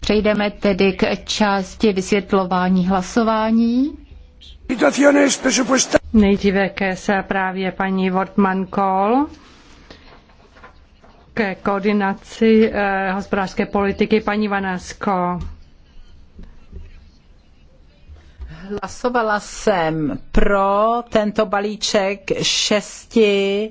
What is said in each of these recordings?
Přejdeme tedy k části vysvětlování hlasování. Nejdříve ke se právě paní Wortmann Kohl ke koordinaci eh, hospodářské politiky paní Vanasko. Hlasovala jsem pro tento balíček šesti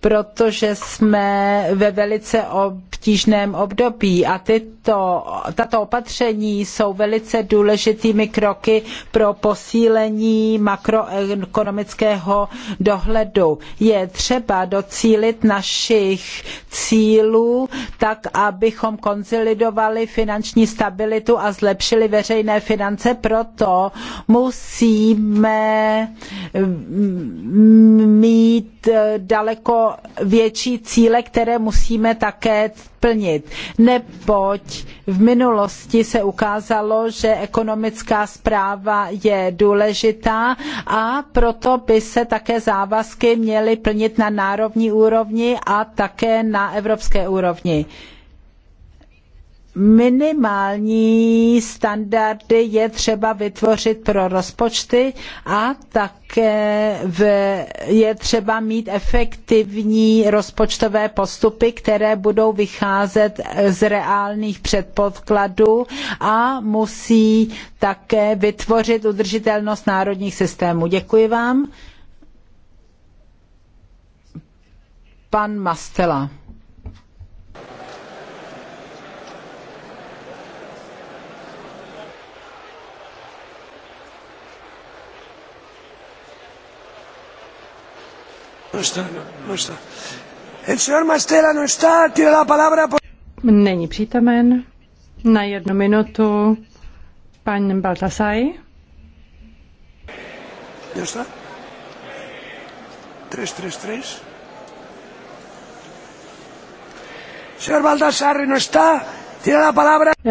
protože jsme ve velice obtížném období a tyto, tato opatření jsou velice důležitými kroky pro posílení makroekonomického dohledu. Je třeba docílit našich cílů tak, abychom konzolidovali finanční stabilitu a zlepšili veřejné finance, proto musíme mm, mm, mít daleko větší cíle, které musíme také plnit. Neboť v minulosti se ukázalo, že ekonomická správa je důležitá a proto by se také závazky měly plnit na národní úrovni a také na evropské úrovni minimální standardy je třeba vytvořit pro rozpočty a také je třeba mít efektivní rozpočtové postupy, které budou vycházet z reálných předpokladů a musí také vytvořit udržitelnost národních systémů. Děkuji vám. Pan Mastela Není přítomen. Na jednu minutu pan Baltasaj.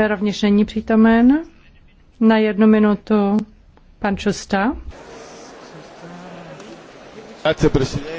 Rovněž není přítomen. Na jednu minutu pan Čusta. Grazie,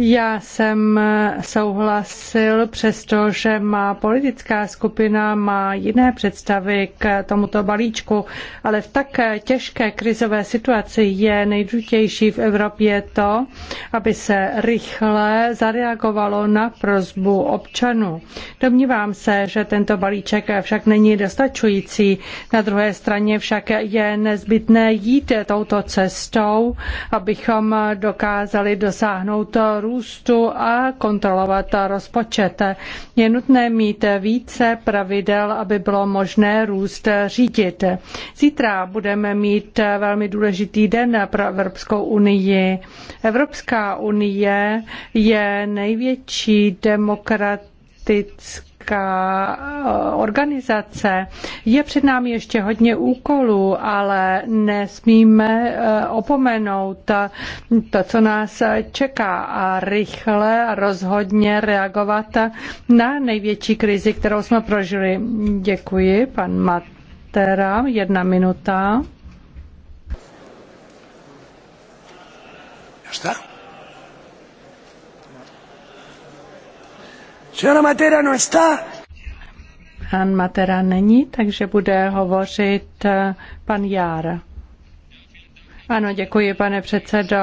Já jsem souhlasil, přestože má politická skupina má jiné představy k tomuto balíčku, ale v tak těžké krizové situaci je nejdůležitější v Evropě to, aby se rychle zareagovalo na prozbu občanů. Domnívám se, že tento balíček však není dostačující. Na druhé straně však je nezbytné jít touto cestou, abychom dokázali dosáhnout různých růstu a kontrolovat rozpočet. Je nutné mít více pravidel, aby bylo možné růst řídit. Zítra budeme mít velmi důležitý den pro Evropskou unii. Evropská unie je největší demokratická občanská eh, organizace. Je před námi ještě hodně úkolů, ale nesmíme eh, opomenout to, co nás čeká a rychle a rozhodně reagovat na největší krizi, kterou jsme prožili. Děkuji, pan Matera, jedna minuta. Já Žena Matera no está. Han Matera není, takže bude hovořit eh, pan Jára. Ano, děkuji, pane předsedo.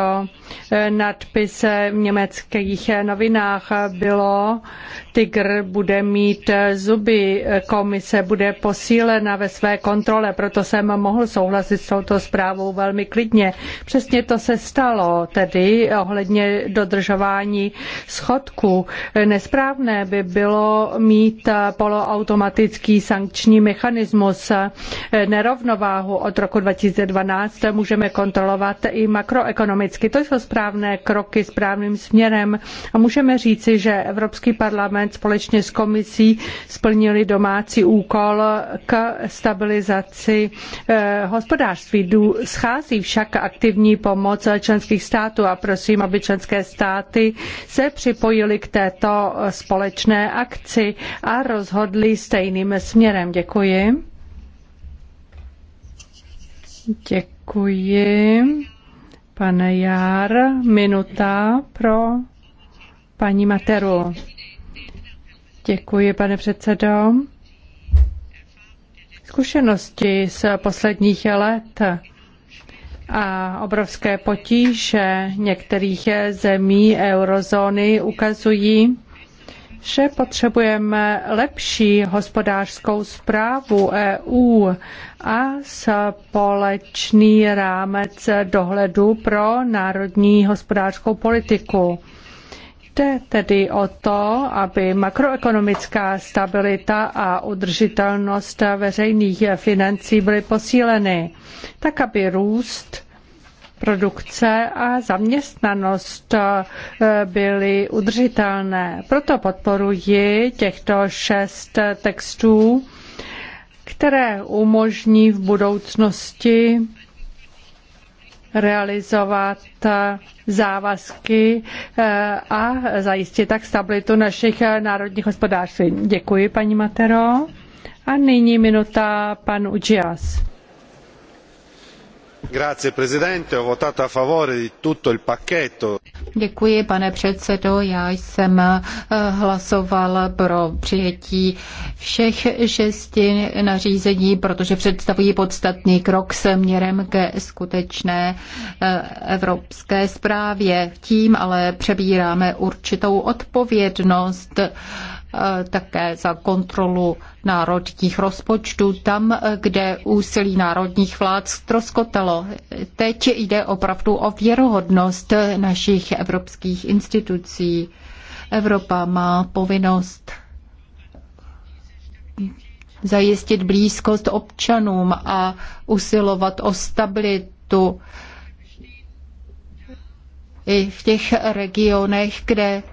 Nadpis v německých novinách bylo Tygr bude mít zuby, komise bude posílena ve své kontrole, proto jsem mohl souhlasit s touto zprávou velmi klidně. Přesně to se stalo, tedy ohledně dodržování schodku. Nesprávné by bylo mít poloautomatický sankční mechanismus. Nerovnováhu od roku 2012 můžeme kontrolovat kontrolovat i makroekonomicky. To jsou správné kroky správným směrem a můžeme říci, že Evropský parlament společně s komisí splnili domácí úkol k stabilizaci eh, hospodářství. Schází však aktivní pomoc členských států a prosím, aby členské státy se připojily k této společné akci a rozhodly stejným směrem. Děkuji. Děkuji. Děkuji. Pane Jar, minuta pro paní Materu. Děkuji, pane předsedo. Zkušenosti z posledních let a obrovské potíže některých zemí eurozóny ukazují, že potřebujeme lepší hospodářskou zprávu EU a společný rámec dohledu pro národní hospodářskou politiku. Jde tedy o to, aby makroekonomická stabilita a udržitelnost veřejných financí byly posíleny, tak aby růst produkce a zaměstnanost eh, byly udržitelné. Proto podporuji těchto šest textů, které umožní v budoucnosti realizovat eh, závazky eh, a zajistit tak stabilitu našich národních hospodářství. Děkuji, paní Matero. A nyní minuta pan Učias. Grazie, pane předsedo. Já jsem eh, hlasovala pro přijetí všech šesti nařízení, protože představují podstatný krok směrem ke skutečné eh, evropské správě. Tím ale přebíráme určitou odpovědnost Eh, také za kontrolu národních rozpočtů tam, eh, kde úsilí národních vlád ztroskotalo. Teď jde opravdu o věrohodnost našich evropských institucí. Evropa má povinnost zajistit blízkost občanům a usilovat o stabilitu i v těch regionech, kde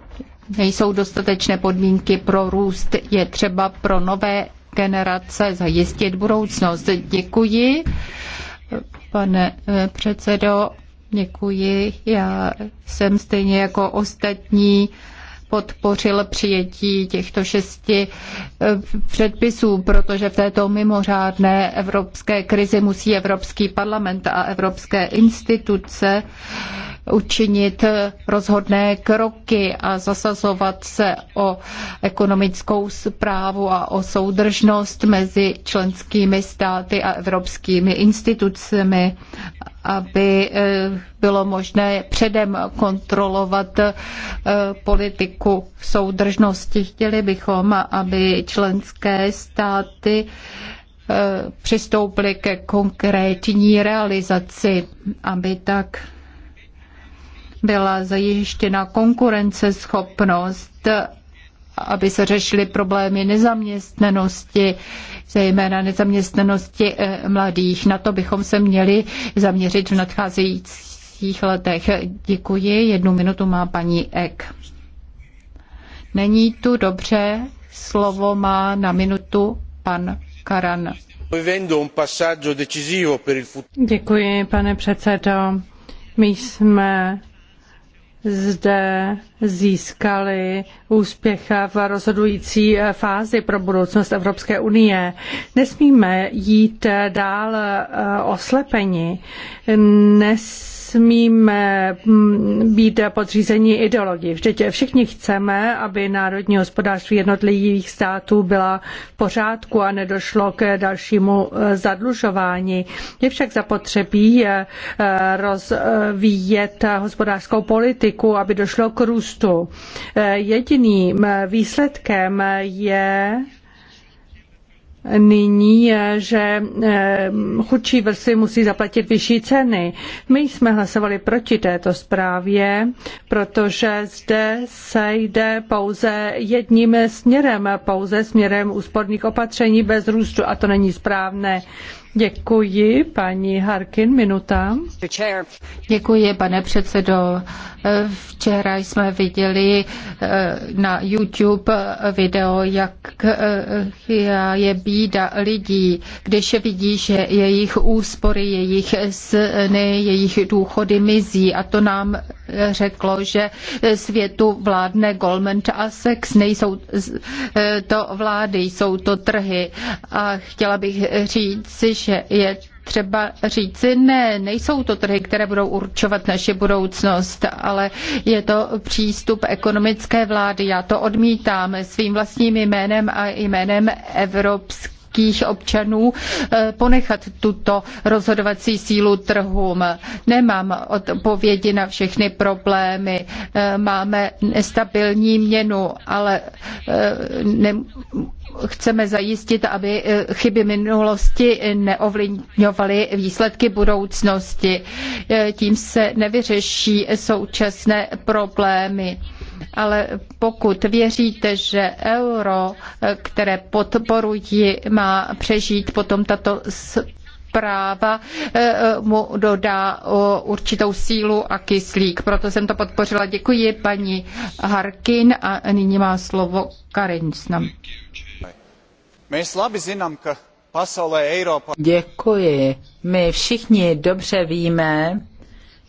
nejsou dostatečné podmínky pro růst. Je třeba pro nové generace zajistit budoucnost. Děkuji, pane eh, předsedo. Děkuji. Já jsem stejně jako ostatní podpořil přijetí těchto šesti eh, předpisů, protože v této mimořádné evropské krizi musí Evropský parlament a evropské instituce učinit rozhodné kroky a zasazovat se o ekonomickou zprávu a o soudržnost mezi členskými státy a evropskými institucemi, aby eh, bylo možné předem kontrolovat eh, politiku soudržnosti. Chtěli bychom, aby členské státy eh, přistoupili ke konkrétní realizaci, aby tak byla zajištěna konkurenceschopnost, aby se řešily problémy nezaměstnanosti, zejména nezaměstnanosti eh, mladých. Na to bychom se měli zaměřit v nadcházejících letech. Děkuji. Jednu minutu má paní Ek. Není tu dobře. Slovo má na minutu pan Karan. Děkuji, pane předsedo. My jsme zde získali úspěch v rozhodující fázi pro budoucnost Evropské unie. Nesmíme jít dál eh, oslepeni. Nes nesmíme mm, být podřízeni ideologii. Vždyť všichni chceme, aby národní hospodářství jednotlivých států byla v pořádku a nedošlo k dalšímu eh, zadlužování. Je však zapotřebí eh, eh, rozvíjet hospodářskou politiku, aby došlo k růstu. Jediným výsledkem je nyní, že eh, chudší vrstvy musí zaplatit vyšší ceny. My jsme hlasovali proti této zprávě, protože zde se jde pouze jedním směrem, pouze směrem úsporných opatření bez růstu a to není správné. Děkuji, paní Harkin, minuta. Děkuji, pane předsedo. Včera jsme viděli eh, na YouTube video, jak eh, je bída lidí, když vidí, že jejich úspory, jejich sny, jejich důchody mizí. A to nám eh, řeklo, že světu vládne Goldman a Sex. Nejsou to vlády, jsou to trhy. A chtěla bych říct, že je třeba říci, ne, nejsou to trhy, které budou určovat naši budoucnost, ale je to přístup ekonomické vlády. Já to odmítám svým vlastním jménem a jménem Evropské evropských občanů eh, ponechat tuto rozhodovací sílu trhům. Nemám odpovědi na všechny problémy. Eh, máme nestabilní měnu, ale eh, ne, chceme zajistit, aby chyby minulosti neovlivňovaly výsledky budoucnosti. Tím se nevyřeší současné problémy ale pokud věříte, že euro, eh, které podporují, má přežít, potom tato práva eh, eh, mu dodá určitou sílu a kyslík. Proto jsem to podpořila. Děkuji paní Harkin a nyní má slovo Karin Snam. Děkuji. My všichni dobře víme,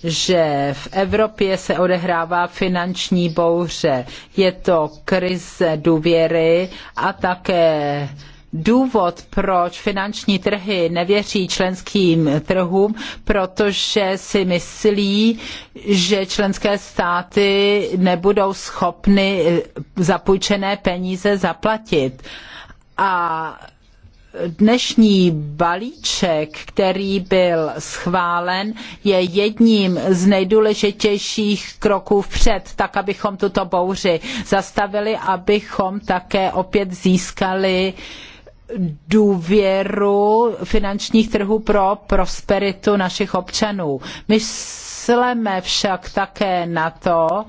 že v Evropě se odehrává finanční bouře. Je to krize důvěry a také důvod, proč finanční trhy nevěří členským trhům, protože si myslí, že členské státy nebudou schopny zapůjčené peníze zaplatit. A dnešní balíček, který byl schválen, je jedním z nejdůležitějších kroků vpřed, tak abychom tuto bouři zastavili, abychom také opět získali důvěru finančních trhů pro prosperitu našich občanů. Myslíme však také na to,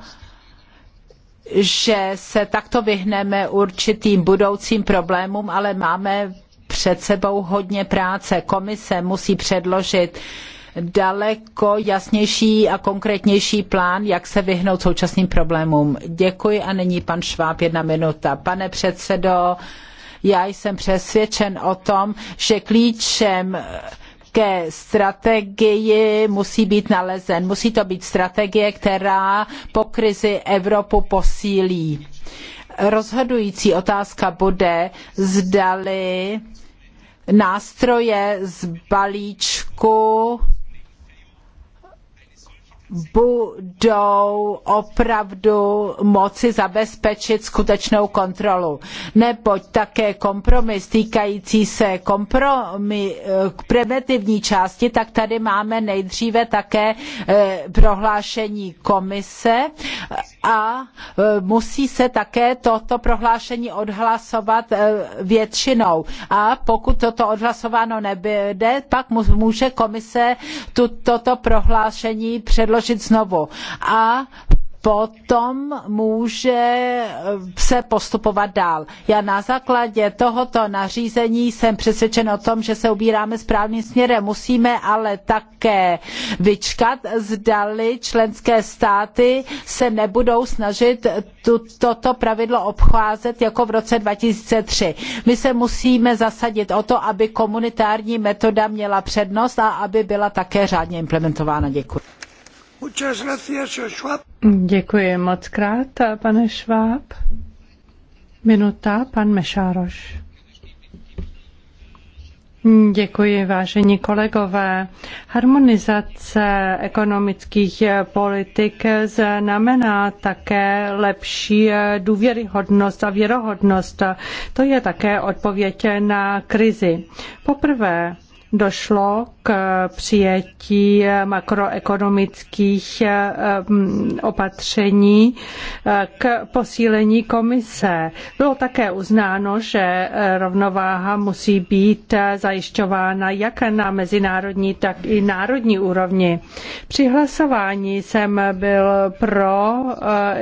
že se takto vyhneme určitým budoucím problémům, ale máme před sebou hodně práce. Komise musí předložit daleko jasnější a konkrétnější plán, jak se vyhnout současným problémům. Děkuji a nyní pan Šváb jedna minuta. Pane předsedo, já jsem přesvědčen o tom, že klíčem ke strategii musí být nalezen. Musí to být strategie, která po krizi Evropu posílí. Rozhodující otázka bude, zdali nástroje z balíčku budou opravdu moci zabezpečit skutečnou kontrolu. Neboť také kompromis týkající se kompromi, preventivní části, tak tady máme nejdříve také e, prohlášení komise a e, musí se také toto prohlášení odhlasovat e, většinou. A pokud toto odhlasováno nebude, pak může komise toto prohlášení předložit předložit znovu. A potom může se postupovat dál. Já na základě tohoto nařízení jsem přesvědčen o tom, že se ubíráme správným směrem. Musíme ale také vyčkat, zdali členské státy se nebudou snažit toto pravidlo obcházet jako v roce 2003. My se musíme zasadit o to, aby komunitární metoda měla přednost a aby byla také řádně implementována. Děkuji. Děkuji moc krát, pane Šváb. Minuta, pan Mešároš. Děkuji, vážení kolegové. Harmonizace ekonomických politik znamená také lepší důvěryhodnost a věrohodnost. To je také odpověď na krizi. Poprvé došlo k přijetí makroekonomických ehm, opatření eh, k posílení komise. Bylo také uznáno, že eh, rovnováha musí být eh, zajišťována jak na mezinárodní, tak i národní úrovni. Při hlasování jsem byl pro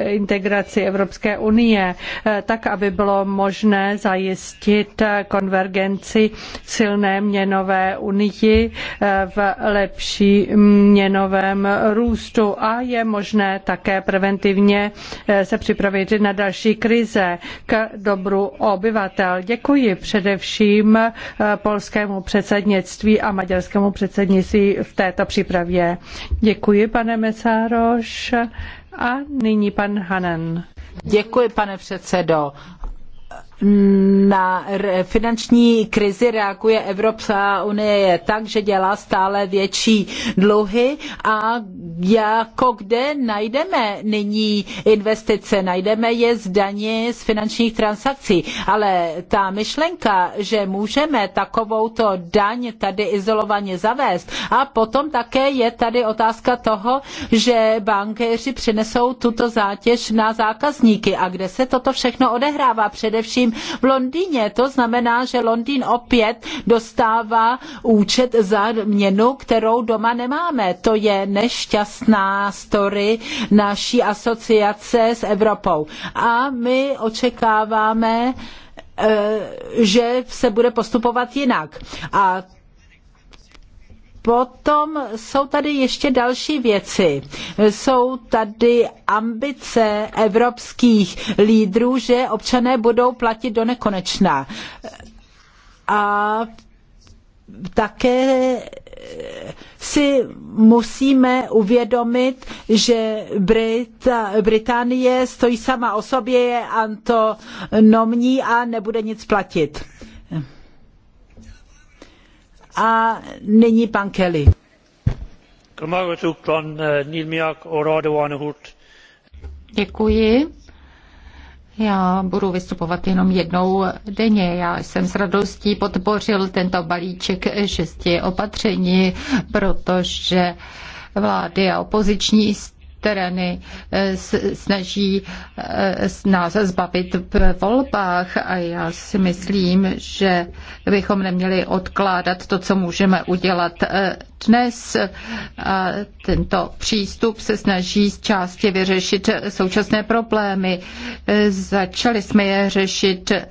integraci Evropské unie, tak aby bylo možné zajistit konvergenci silné měnové unii eh, v lepší měnovém růstu a je možné také preventivně eh, se připravit na další krize k dobru obyvatel. Děkuji především eh, polskému předsednictví a maďarskému předsednictví v této přípravě. Děkuji, pane Mesároš. A nyní pan Hanen. Děkuji, pane předsedo na finanční krizi reaguje Evropská unie tak, že dělá stále větší dluhy a jako kde najdeme nyní investice, najdeme je z daně z finančních transakcí, ale ta myšlenka, že můžeme takovouto daň tady izolovaně zavést a potom také je tady otázka toho, že bankéři přenesou tuto zátěž na zákazníky a kde se toto všechno odehrává, především v Londýně. To znamená, že Londýn opět dostává účet za měnu, kterou doma nemáme. To je nešťastná story naší asociace s Evropou. A my očekáváme, eh, že se bude postupovat jinak. A Potom jsou tady ještě další věci. Jsou tady ambice evropských lídrů, že občané budou platit do nekonečna. A také si musíme uvědomit, že Brit, Británie stojí sama o sobě, je antonomní a nebude nic platit. A nyní pan Kelly. Já budu vystupovat jenom jednou denně. Já jsem s radostí podpořil tento balíček šesti opatření, protože vlády a opoziční strany eh, snaží eh, nás zbavit v volbách a já si myslím, že bychom neměli odkládat to, co můžeme udělat eh, dnes. tento přístup se snaží z části vyřešit současné problémy. Začali jsme je řešit e,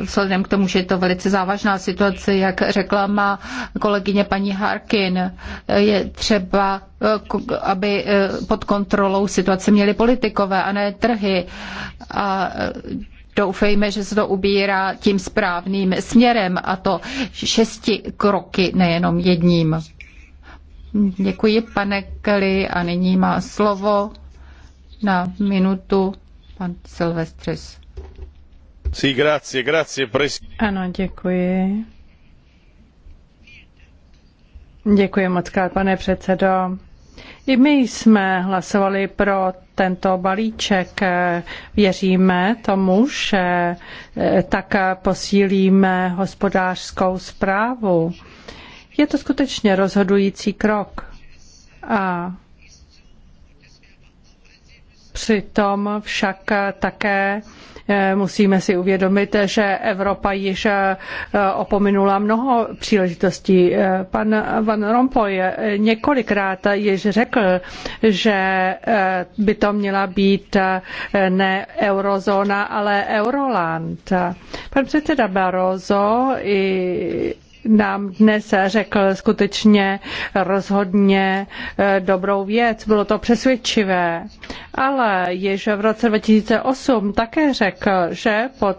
vzhledem k tomu, že je to velice závažná situace, jak řekla má kolegyně paní Harkin. Je třeba e, aby e, pod kontrolou situace měli politikové a ne trhy. A doufejme, že se to ubírá tím správným směrem a to šesti kroky, nejenom jedním. Děkuji, pane Kelly, a nyní má slovo na minutu pan Silvestris. Sí, grazie, grazie, ano, děkuji. Děkuji moc krát, pane předsedo. I my jsme hlasovali pro tento balíček. Věříme tomu, že tak posílíme hospodářskou zprávu. Je to skutečně rozhodující krok. A Přitom však také eh, musíme si uvědomit, že Evropa již eh, opominula mnoho příležitostí. Eh, pan Van Rompuy několikrát již řekl, že by to měla být ne eurozóna, ale euroland. Pan předseda Barroso i nám dnes řekl skutečně rozhodně eh, dobrou věc. Bylo to přesvědčivé. Ale již v roce 2008 také řekl, že pod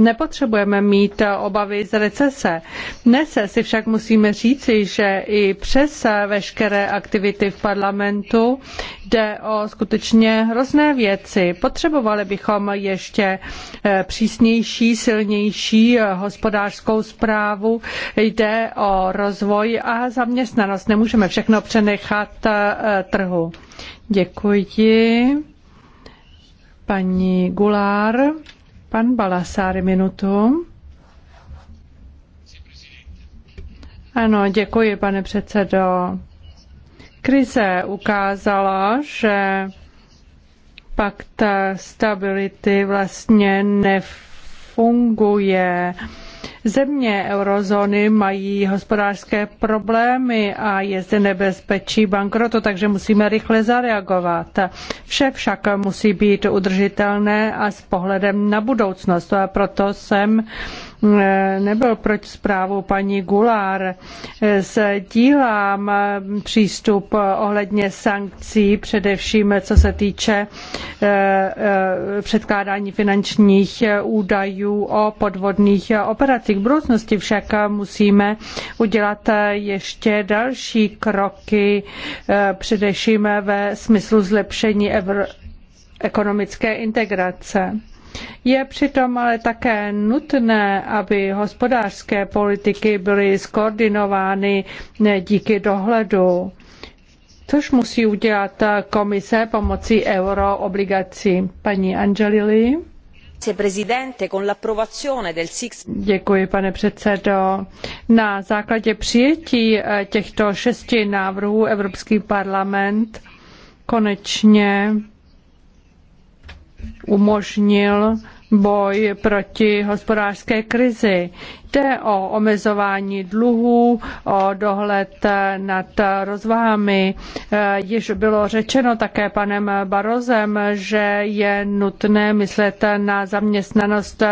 Nepotřebujeme mít eh, obavy z recese. Dnes si však musíme říci, že i přes eh, veškeré aktivity v parlamentu jde o skutečně hrozné věci. Potřebovali bychom ještě eh, přísnější, silnější hospodářskou správu. Jde o rozvoj a zaměstnanost. Nemůžeme všechno přenechat trhu. Děkuji. Paní Gulár. Pan Balasár, minutu. Ano, děkuji, pane předsedo. Krize ukázala, že pakt stability vlastně nefunguje. Země eurozóny mají hospodářské problémy a je zde nebezpečí bankrotu, takže musíme rychle zareagovat. Vše však musí být udržitelné a s pohledem na budoucnost. A proto jsem nebyl proč zprávu paní Gulár. Sdílám přístup ohledně sankcí, především co se týče eh, eh, předkládání finančních údajů o podvodných operacích. V budoucnosti však musíme udělat ještě další kroky, eh, především ve smyslu zlepšení ekonomické integrace. Je přitom ale také nutné, aby hospodářské politiky byly skoordinovány díky dohledu, což musí udělat komise pomocí euroobligací. Paní Angelili. Děkuji, pane předsedo. Na základě přijetí eh, těchto šesti návrhů Evropský parlament konečně umožnil boj proti hospodářské krizi. Jde o omezování dluhů, o dohled nad rozvahami. Eh, již bylo řečeno také panem Barozem, že je nutné myslet na zaměstnanost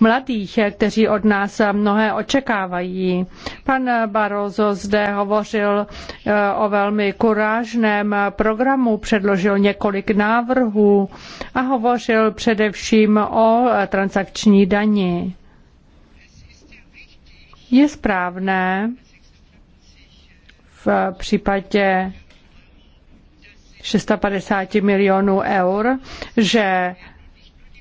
mladých, kteří od nás mnohé očekávají. Pan Barozo zde hovořil eh, o velmi kurážném programu, předložil několik návrhů a hovořil především o transakční dani je správné v případě 650 milionů eur, že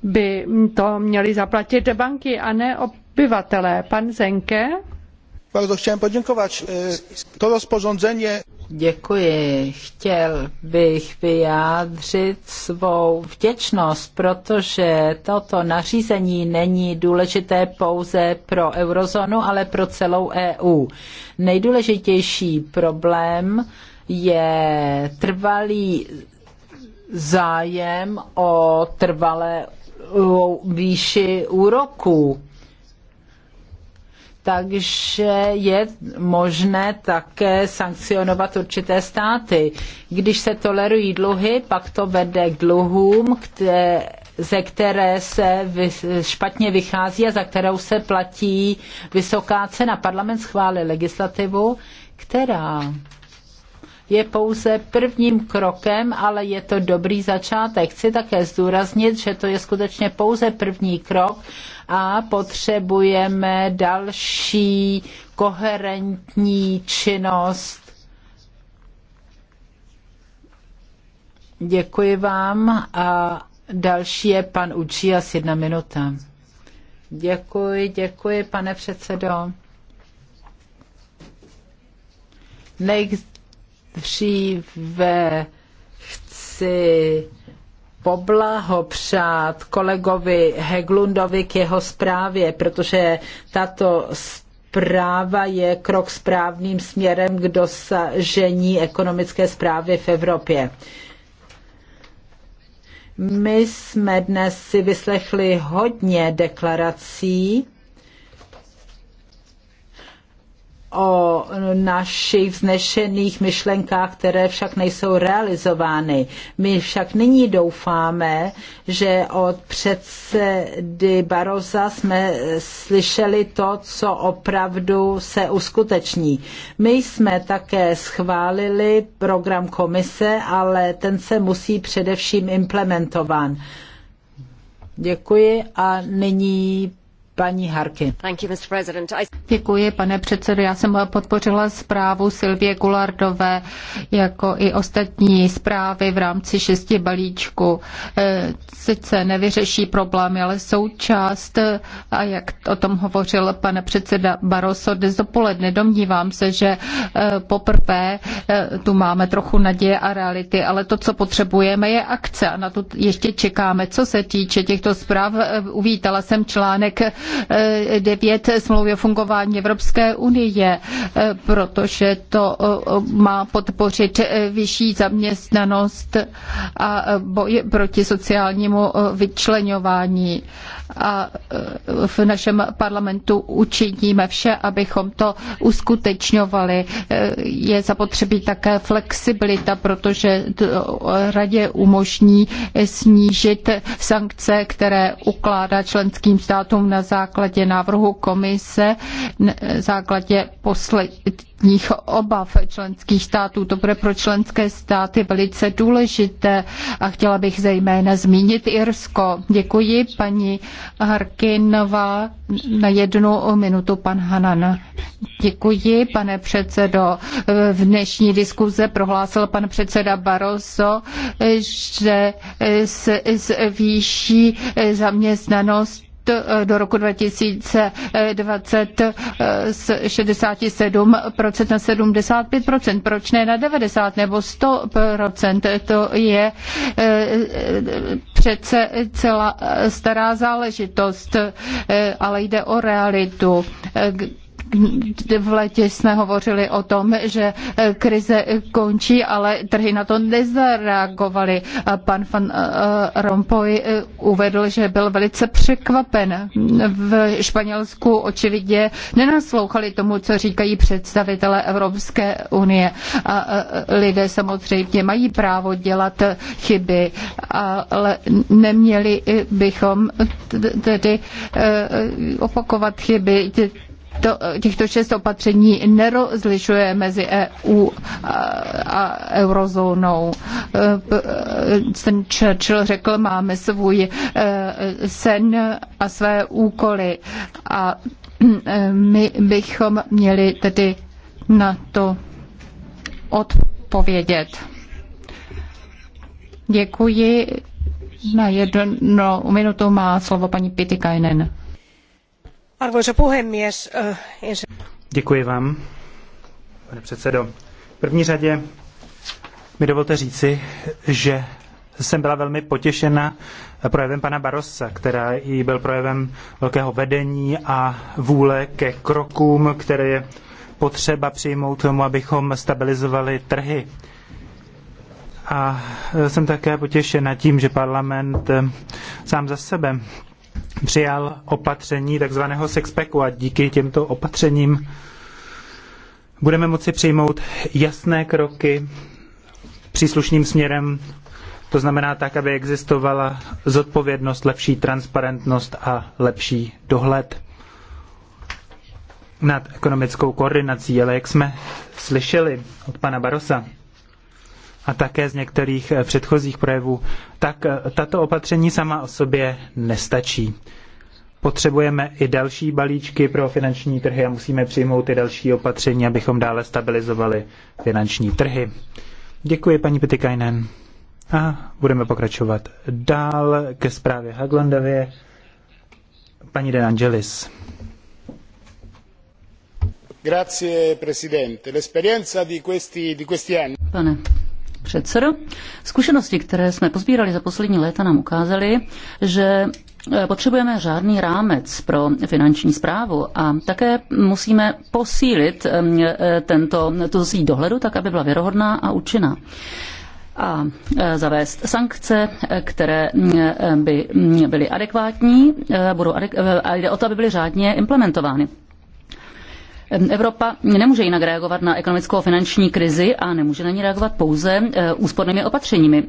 by to měly zaplatit banky a ne obyvatelé. Pan Zenke? Bardzo chciałem podziękować. E, to rozporządzenie Děkuji. Chtěl bych vyjádřit svou vděčnost, protože toto nařízení není důležité pouze pro eurozónu, ale pro celou EU. Nejdůležitější problém je trvalý zájem o trvalé výši úroků takže je možné také sankcionovat určité státy. Když se tolerují dluhy, pak to vede k dluhům, které, ze které se špatně vychází a za kterou se platí vysoká cena. Parlament schválil legislativu, která je pouze prvním krokem, ale je to dobrý začátek. Chci také zdůraznit, že to je skutečně pouze první krok a potřebujeme další koherentní činnost. Děkuji vám a další je pan Učí asi jedna minuta. Děkuji, děkuji, pane předsedo. Nej, dříve chci poblahopřát kolegovi Heglundovi k jeho zprávě, protože tato zpráva je krok správným směrem k dosažení ekonomické zprávy v Evropě. My jsme dnes si vyslechli hodně deklarací o našich vznešených myšlenkách, které však nejsou realizovány. My však nyní doufáme, že od předsedy Baroza jsme slyšeli to, co opravdu se uskuteční. My jsme také schválili program komise, ale ten se musí především implementován. Děkuji a nyní paní Harky. Děkuji, pane předsedo. Já jsem podpořila zprávu Silvie Gulardové, jako i ostatní zprávy v rámci šesti balíčku. Eh, sice nevyřeší problémy, ale součást, a jak o tom hovořil pane předseda Barroso dnes dopoledne, domnívám se, že eh, poprvé eh, tu máme trochu naděje a reality, ale to, co potřebujeme, je akce a na to ještě čekáme. Co se týče těchto zpráv, uvítala jsem článek 9 smlouvy o fungování Evropské unie, protože to má podpořit vyšší zaměstnanost a boj proti sociálnímu vyčlenování a e, v našem parlamentu učiníme vše, abychom to uskutečňovali. E, je zapotřebí také flexibilita, protože radě umožní snížit sankce, které ukládá členským státům na základě návrhu komise, na základě poslední zdravotních obav členských států. To bude pro členské státy velice důležité a chtěla bych zejména zmínit Irsko. Děkuji paní Harkinová na jednu minutu pan Hanan. Děkuji, pane předsedo. V dnešní diskuze prohlásil pan předseda Barroso, že zvýší zaměstnanost Eh, do roku 2020 z 67% na 75%. Proč ne na 90% nebo 100%? To je eh, přece celá stará záležitost, eh, ale jde o realitu v létě jsme hovořili o tom, že eh, krize eh, končí, ale trhy na to nezareagovaly. Pan van eh, Rompuy uvedl, že byl velice překvapen. V Španělsku očividně nenaslouchali tomu, co říkají představitelé Evropské unie. A lidé samozřejmě mají právo dělat chyby, ale neměli bychom tedy opakovat chyby to, těchto šest opatření nerozlišuje mezi EU a, a eurozónou. Ten Churchill řekl, máme svůj e, sen a své úkoly a my bychom měli tedy na to odpovědět. Děkuji. Na jednu minutu má slovo paní Pitikainen. Arvoisa puhemies. Děkuji vám, pane předsedo. V první řadě mi dovolte říci, že jsem byla velmi potěšena projevem pana Barossa, který byl projevem velkého vedení a vůle ke krokům, které je potřeba přijmout tomu, abychom stabilizovali trhy. A jsem také potěšena tím, že parlament sám za sebe přijal opatření takzvaného sexpacku a díky těmto opatřením budeme moci přijmout jasné kroky příslušným směrem, to znamená tak, aby existovala zodpovědnost, lepší transparentnost a lepší dohled nad ekonomickou koordinací. Ale jak jsme slyšeli od pana Barosa, a také z některých eh, předchozích projevů, tak eh, tato opatření sama o sobě nestačí. Potřebujeme i další balíčky pro finanční trhy a musíme přijmout i další opatření, abychom dále stabilizovali finanční trhy. Děkuji, paní Pitikainen. A budeme pokračovat dál ke zprávě Haglandově. Paní De Angelis. Grazie, presidente. L'esperienza di questi, di questi anni. Pane předsedo. Zkušenosti, které jsme pozbírali za poslední léta, nám ukázaly, že e, Potřebujeme řádný rámec pro finanční zprávu a také musíme posílit e, e, tento, to dohledu, tak aby byla věrohodná a účinná a zavést sankce, které by byly adekvátní, budou adek- a jde o to, aby byly řádně implementovány. Evropa nemůže jinak reagovat na ekonomickou a finanční krizi a nemůže na ní reagovat pouze eh, úspornými opatřeními.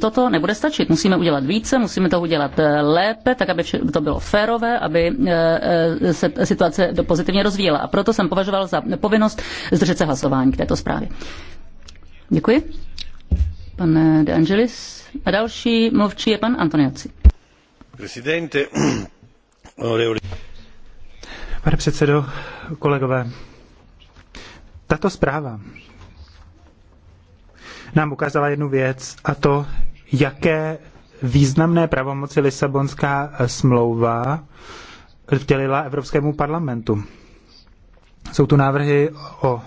Toto nebude stačit. Musíme udělat více, musíme to udělat eh, lépe, tak aby to bylo férové, aby eh, se situace pozitivně rozvíjela. A proto jsem považoval za povinnost zdržet se hlasování k této zprávě. Děkuji. Pan De Angelis. A další mluvčí je pan Antoniaci. Pane předsedo, kolegové. Tato zpráva nám ukázala jednu věc a to, jaké významné pravomoci Lisabonská smlouva vtělila Evropskému parlamentu. Jsou tu návrhy o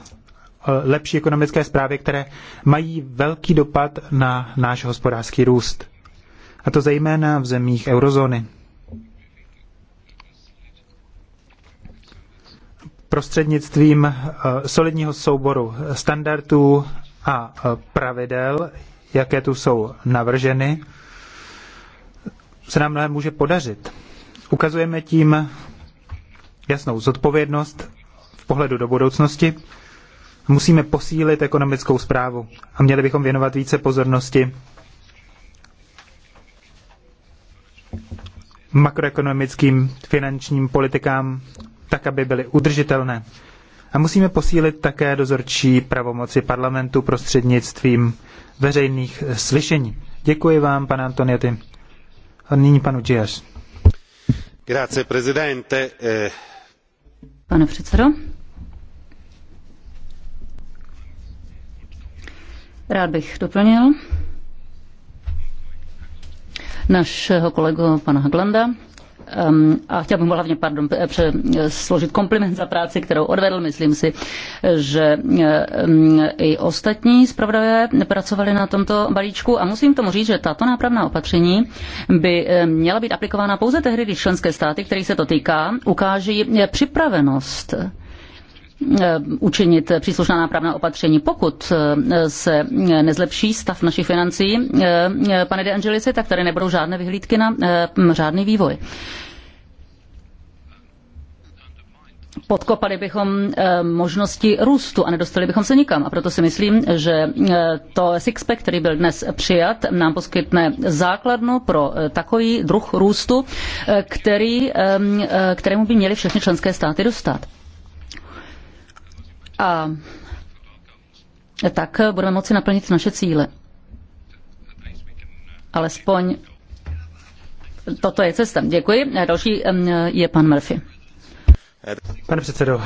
lepší ekonomické zprávy, které mají velký dopad na náš hospodářský růst. A to zejména v zemích eurozóny. prostřednictvím eh, solidního souboru standardů a eh, pravidel, jaké tu jsou navrženy, se nám mnohem může podařit. Ukazujeme tím jasnou zodpovědnost v pohledu do budoucnosti. Musíme posílit ekonomickou zprávu a měli bychom věnovat více pozornosti makroekonomickým finančním politikám tak aby byly udržitelné. A musíme posílit také dozorčí pravomoci parlamentu prostřednictvím veřejných slyšení. Děkuji vám, pane Antonietti. A nyní panu Gias. Grazie, prezidente. Eh. Pane předsedo. Rád bych doplnil našeho kolegu pana Haglanda Ehm, a chtěl bych mu hlavně pardon, složit kompliment za práci, kterou odvedl. Myslím si, že ehm, i ostatní zpravodajové pracovali na tomto balíčku a musím tomu říct, že tato nápravná opatření by ehm, měla být aplikována pouze tehdy, když členské státy, kterých se to týká, ukáží připravenost Eh, učinit příslušná nápravná opatření. Pokud eh, se nezlepší stav našich financí, eh, pane De Angelici, tak tady nebudou žádné vyhlídky na řádný vývoj. podkopali bychom možnosti růstu a nedostali bychom se nikam. A proto si myslím, že to sixpack, který byl dnes přijat, nám poskytne základnu pro takový druh růstu, který, kterému by měly všechny členské státy dostat a tak budeme moci naplnit naše cíle. Alespoň toto je cesta. Děkuji. Další je pan Murphy. Pane předsedo,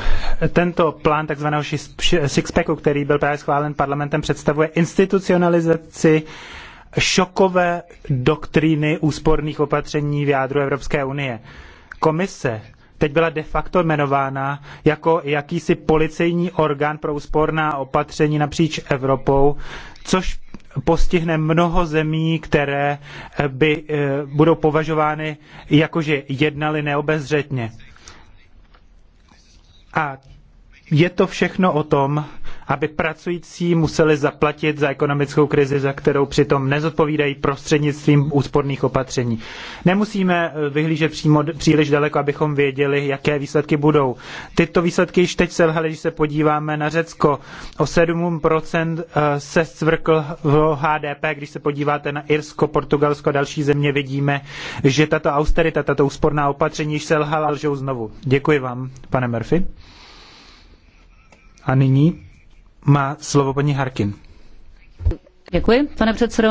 tento plán tzv. sixpacku, který byl právě schválen parlamentem, představuje institucionalizaci šokové doktríny úsporných opatření v jádru Evropské unie. Komise teď byla de facto jmenována jako jakýsi policejní orgán pro úsporná opatření napříč Evropou, což postihne mnoho zemí, které eh, by eh, budou považovány jako, že jednali neobezřetně. A je to všechno o tom, aby pracující museli zaplatit za ekonomickou krizi, za kterou přitom nezodpovídají prostřednictvím úsporných opatření. Nemusíme eh, vyhlížet přímo, příliš daleko, abychom věděli, jaké výsledky budou. Tyto výsledky již teď selhaly, když se podíváme na Řecko. O 7% eh, se zcvrkl v HDP, když se podíváte na Irsko, Portugalsko a další země, vidíme, že tato austerita, tato úsporná opatření již selhala, lžou znovu. Děkuji vám, pane Murphy. A nyní má slovo paní Harkin. Děkuji, pane předsedo.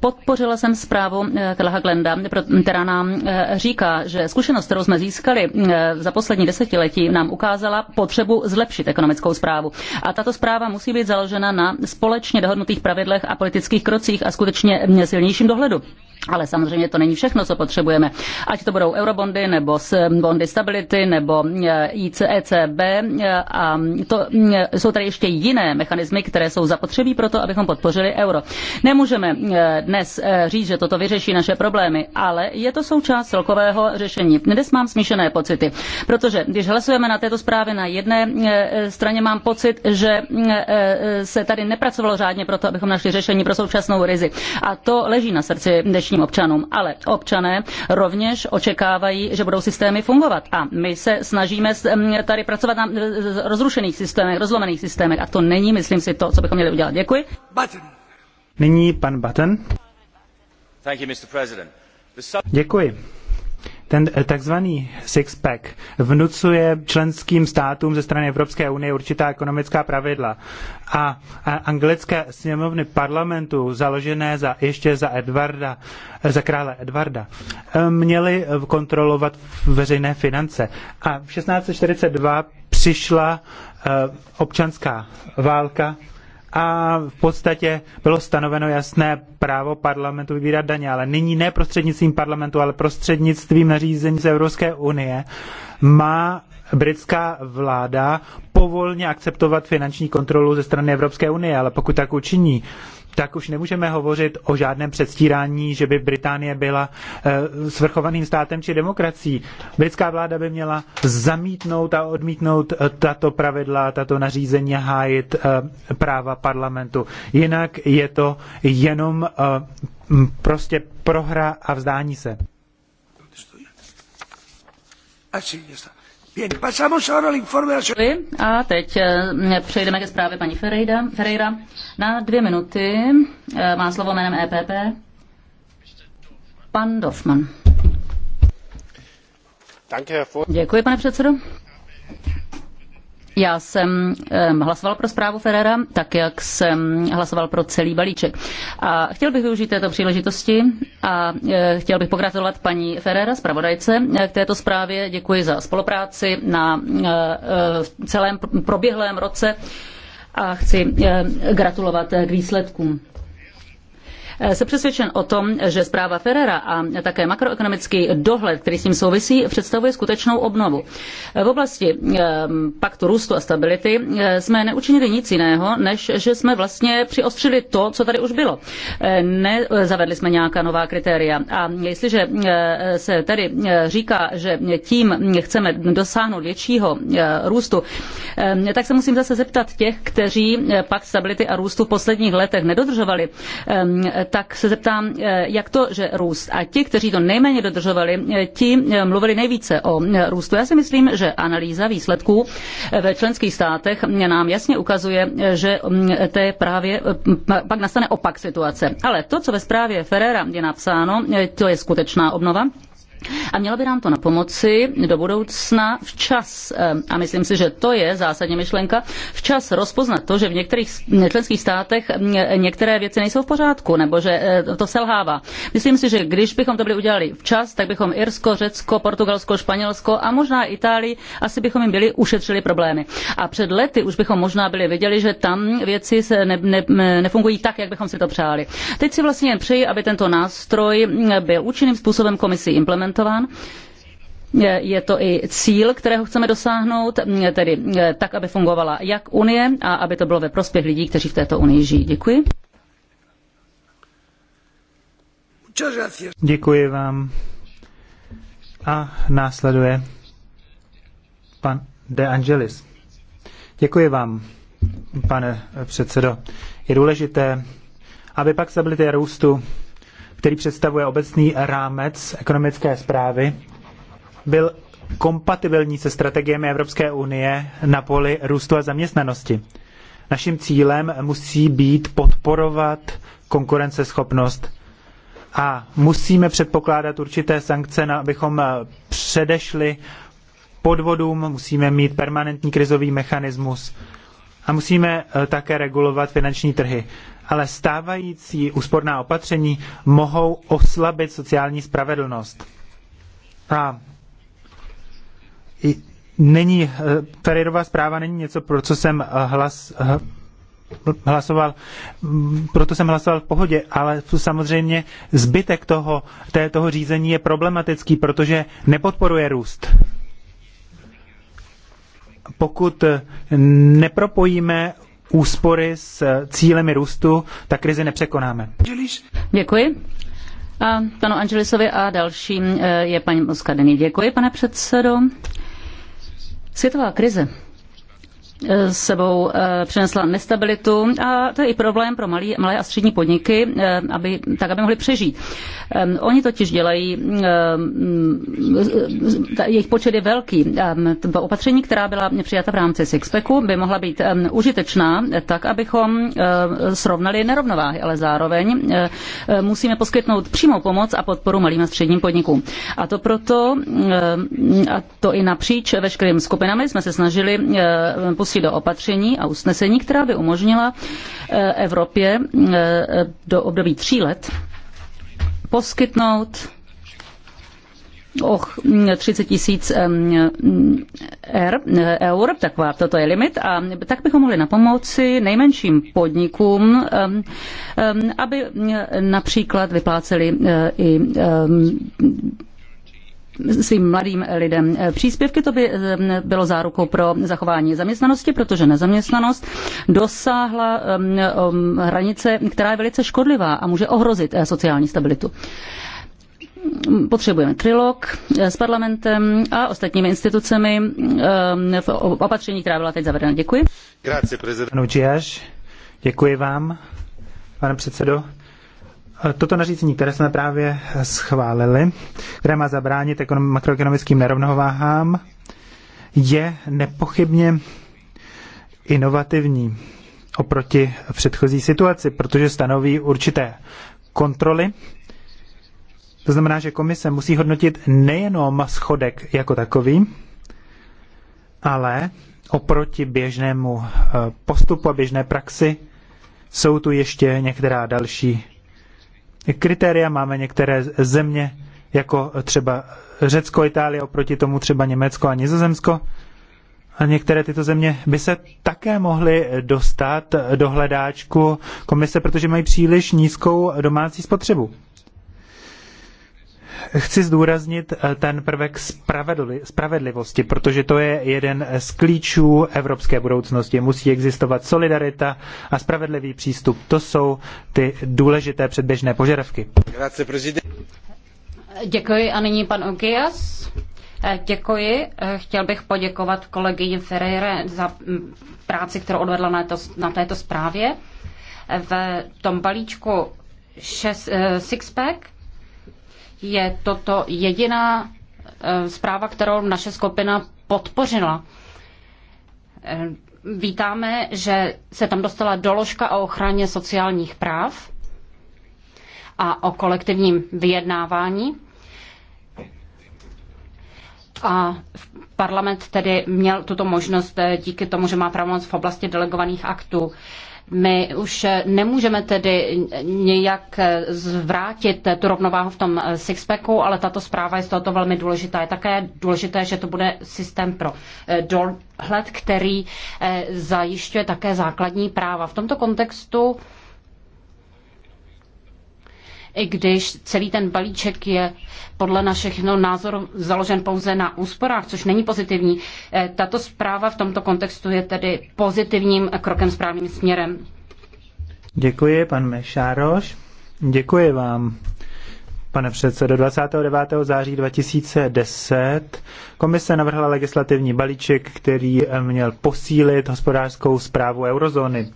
Podpořila jsem zprávu eh, Klaha Glenda, která nám eh, říká, že zkušenost, kterou jsme získali eh, za poslední desetiletí, nám ukázala potřebu zlepšit ekonomickou zprávu. A tato zpráva musí být založena na společně dohodnutých pravidlech a politických krocích a skutečně mm, silnějším dohledu. Ale samozřejmě to není všechno, co potřebujeme. Ať to budou eurobondy, nebo mm, bondy stability, nebo ECB. E a to, mm, jsou tady ještě jiné mechanismy, které jsou zapotřebí pro to, abychom podpořili euro. Nemůžeme dnes eh, říct, že toto vyřeší naše problémy, ale je to součást celkového řešení. Dnes mám smíšené pocity, protože když hlasujeme na této zprávě na jedné eh, straně, mám pocit, že mm, eh, se tady nepracovalo řádně pro to, abychom našli řešení pro současnou rizi. A to leží na srdci dnešním občanům. Ale občané rovněž očekávají, že budou systémy fungovat. A my se snažíme mm, tady pracovat na rozrušených systémech, rozlomených systémech. A to není, myslím si, to, co bychom měli udělat. Děkuji. Button. Nyní pan Batten. Děkuji. Ten eh, takzvaný six-pack vnucuje členským státům ze strany Evropské unie určitá ekonomická pravidla. A, anglické sněmovny parlamentu, založené za, ještě za Edvarda, za krále Edwarda, eh, měly eh, kontrolovat veřejné finance. A v 1642 přišla občanská válka a v podstatě bylo stanoveno jasné právo parlamentu vybírat daně, ale nyní ne prostřednictvím parlamentu, ale prostřednictvím nařízení z Evropské unie má britská vláda povolně akceptovat finanční kontrolu ze strany Evropské unie, ale pokud tak učiní, tak už nemůžeme hovořit o žádném předstírání, že by Británie byla eh, svrchovaným státem či demokracií. Britská vláda by měla zamítnout a odmítnout eh, tato pravidla, tato nařízení a hájit eh, práva parlamentu. Jinak je to jenom prostě prohra a vzdání se. A teď eh, přejdeme ke zprávě paní Ferreira. Ferreira. Na dvě minuty eh, má slovo jménem EPP pan Dofman. Děkuji, pane předsedo. Já jsem hlasoval pro zprávu Ferrera, tak jak jsem hlasoval pro celý balíček. A chtěl bych využít této příležitosti a e, chtěl bych pogratulovat paní Ferrera, zpravodajce, e, k této zprávě. Děkuji za spolupráci na e, celém proběhlém roce a chci gratulovat k výsledkům. Eh, jsem přesvědčen o tom, že zpráva Ferrera a také makroekonomický dohled, který s tím souvisí, představuje skutečnou obnovu. Eh, v oblasti eh, paktu růstu a stability jsme neučinili nic jiného, než že jsme vlastně přiostřili to, co tady už bylo. Nezavedli jsme nějaká nová kritéria. A jestliže se tady říká, že tím chceme dosáhnout většího růstu, tak se musím zase zeptat těch, kteří pakt stability a růstu v posledních letech nedodržovali, tak se zeptám, eh, jak to, že růst. A ti, kteří to nejméně dodržovali, eh, ti eh, mluvili nejvíce o růstu. Já si myslím, že analýza výsledků ve členských státech nám jasně ukazuje, že mm, to je právě, pak nastane opak situace. Ale to, co ve zprávě Ferrera je napsáno, to je skutečná obnova. A mělo by nám to na pomoci do budoucna včas, eh, a myslím si, že to je zásadní myšlenka, včas rozpoznat to, že v některých členských státech mm, některé věci nejsou v pořádku, nebo že eh, to selhává. Myslím si, že když bychom to byli udělali včas, tak bychom Irsko, Řecko, Portugalsko, Španělsko a možná Itálii, asi bychom jim byli ušetřili problémy. A před lety už bychom možná byli viděli, že tam věci se ne, ne, nefungují tak, jak bychom si to přáli. Teď si vlastně přeji, aby tento nástroj mm, byl účinným způsobem komisí implementován implementován. Je to i cíl, kterého chceme dosáhnout, tedy eh, tak, aby fungovala jak Unie a aby to bylo ve prospěch lidí, kteří v této Unii žijí. Děkuji. Děkuji vám. A následuje pan De Angelis. Děkuji vám, pane předsedo. Je důležité, aby pak stability růstu který představuje obecný rámec ekonomické zprávy, byl kompatibilní se strategiemi Evropské unie na poli růstu a zaměstnanosti. Naším cílem musí být podporovat konkurenceschopnost a musíme předpokládat určité sankce, abychom eh, předešli podvodům, musíme mít permanentní krizový mechanismus a musíme eh, také regulovat finanční trhy ale stávající úsporná opatření mohou oslabit sociální spravedlnost. A není, eh, Ferrerová zpráva není něco, pro co jsem eh, hlas, eh, hlasoval, mm, proto jsem hlasoval v pohodě, ale samozřejmě zbytek toho, té, toho řízení je problematický, protože nepodporuje růst. Pokud nepropojíme úspory s cílemi růstu, tak krizi nepřekonáme. Děkuji. A panu Angelisovi a dalším eh, je paní Moskadeny. Děkuji, pane předsedo. Světová krize Eh, sebou eh, přinesla nestabilitu a to je i problém pro malý, malé a střední podniky, eh, aby, tak aby mohli přežít. Ehm, oni totiž dělají, ehm, jejich počet je velký. Ehm, to opatření, která byla přijata v rámci Sixpacku, by mohla být užitečná, tak abychom srovnali nerovnováhy, ale zároveň musíme poskytnout přímou pomoc a podporu malým a středním podnikům. A to proto, a to i napříč veškerým skupinami jsme se snažili pustit do opatření a usnesení, která by umožnila eh, Evropě eh, do období tří let poskytnout och 30 mm, tisíc er, eur, taková toto je limit, a tak bychom mohli napomoci nejmenším podnikům, aby mm, například vypláceli eh, i svým mladým lidem eh, příspěvky. To by eh, bylo zárukou pro zachování zaměstnanosti, protože nezaměstnanost dosáhla hranice, která je velice škodlivá a může ohrozit eh, sociální stabilitu potřebujeme trilog s parlamentem a ostatními institucemi v opatření, která byla teď zavedena. Děkuji. Grazie, Děkuji vám, pane předsedo. Toto nařízení, které jsme právě schválili, které má zabránit makroekonomickým nerovnováhám, je nepochybně inovativní oproti předchozí situaci, protože stanoví určité kontroly. To znamená, že komise musí hodnotit nejenom schodek jako takový, ale oproti běžnému eh, postupu a běžné praxi jsou tu ještě některá další kritéria, máme některé země, jako třeba Řecko, Itálie, oproti tomu třeba Německo a Nizozemsko. A některé tyto země by se také mohly dostat do hledáčku komise, protože mají příliš nízkou domácí spotřebu. Chci zdůraznit eh, ten prvek spravedlivosti, protože to je jeden z klíčů evropské budoucnosti. Musí existovat solidarita a spravedlivý přístup. To jsou ty důležité předběžné požadavky. Děkuji a nyní pan Ogias. Eh, děkuji. Eh, chtěl bych poděkovat kolegyni Ferreire za mm, práci, kterou odvedla na, to, na této zprávě. V tom balíčku šest, sixpack je toto jediná eh, zpráva, kterou naše skupina podpořila. Eh, vítáme, že se tam dostala doložka o ochraně sociálních práv a o kolektivním vyjednávání. A parlament tedy měl tuto možnost eh, díky tomu, že má pravomoc v oblasti delegovaných aktů. My už nemůžeme tedy nějak zvrátit tu rovnováhu v tom sixpacku, ale tato zpráva je z tohoto velmi důležitá. Je také důležité, že to bude systém pro eh, dohled, který eh, zajišťuje také základní práva. V tomto kontextu i když celý ten balíček je podle našich no, názorů založen pouze na úsporách, což není pozitivní. Eh, tato zpráva v tomto kontextu je tedy pozitivním krokem správným směrem. Děkuji, pan Mešároš. Děkuji vám. Pane předsedo, 29. září 2010 komise navrhla legislativní balíček, který měl posílit hospodářskou zprávu eurozóny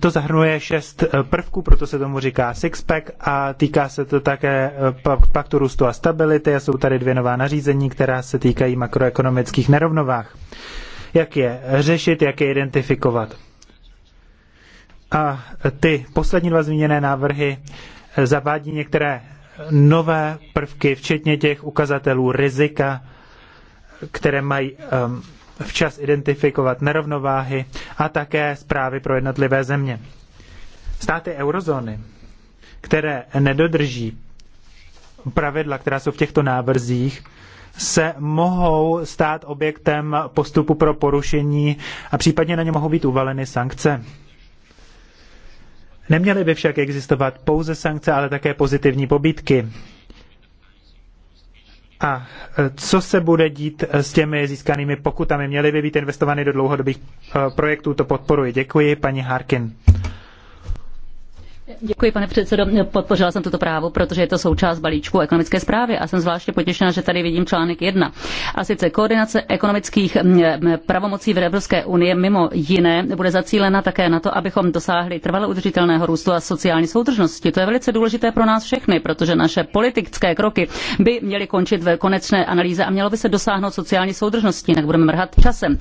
to zahrnuje šest eh, prvků, proto se tomu říká six-pack a týká se to také eh, paktu růstu a stability a jsou tady dvě nová nařízení, která se týkají makroekonomických nerovnovách. Jak je řešit, jak je identifikovat. A ty poslední dva zmíněné návrhy eh, zavádí některé nové prvky, včetně těch ukazatelů rizika, které mají um, včas identifikovat nerovnováhy a také zprávy pro jednotlivé země. Státy eurozóny, které nedodrží pravidla, která jsou v těchto návrzích, se mohou stát objektem postupu pro porušení a případně na ně mohou být uvaleny sankce. Neměly by však existovat pouze sankce, ale také pozitivní pobídky. A e, co se bude dít e, s těmi získanými pokutami? Měly by být investovány do dlouhodobých e, projektů, to podporuji. Děkuji, paní Harkin. Děkuji, pane předsedo. Podpořila jsem toto právo, protože je to součást balíčku ekonomické zprávy a jsem zvláště potěšena, že tady vidím článek 1. A sice koordinace ekonomických pravomocí v Evropské unie mimo jiné bude zacílena také na to, abychom dosáhli trvale udržitelného růstu a sociální soudržnosti. To je velice důležité pro nás všechny, protože naše politické kroky by měly končit ve konečné analýze a mělo by se dosáhnout sociální soudržnosti, jinak budeme mrhat časem.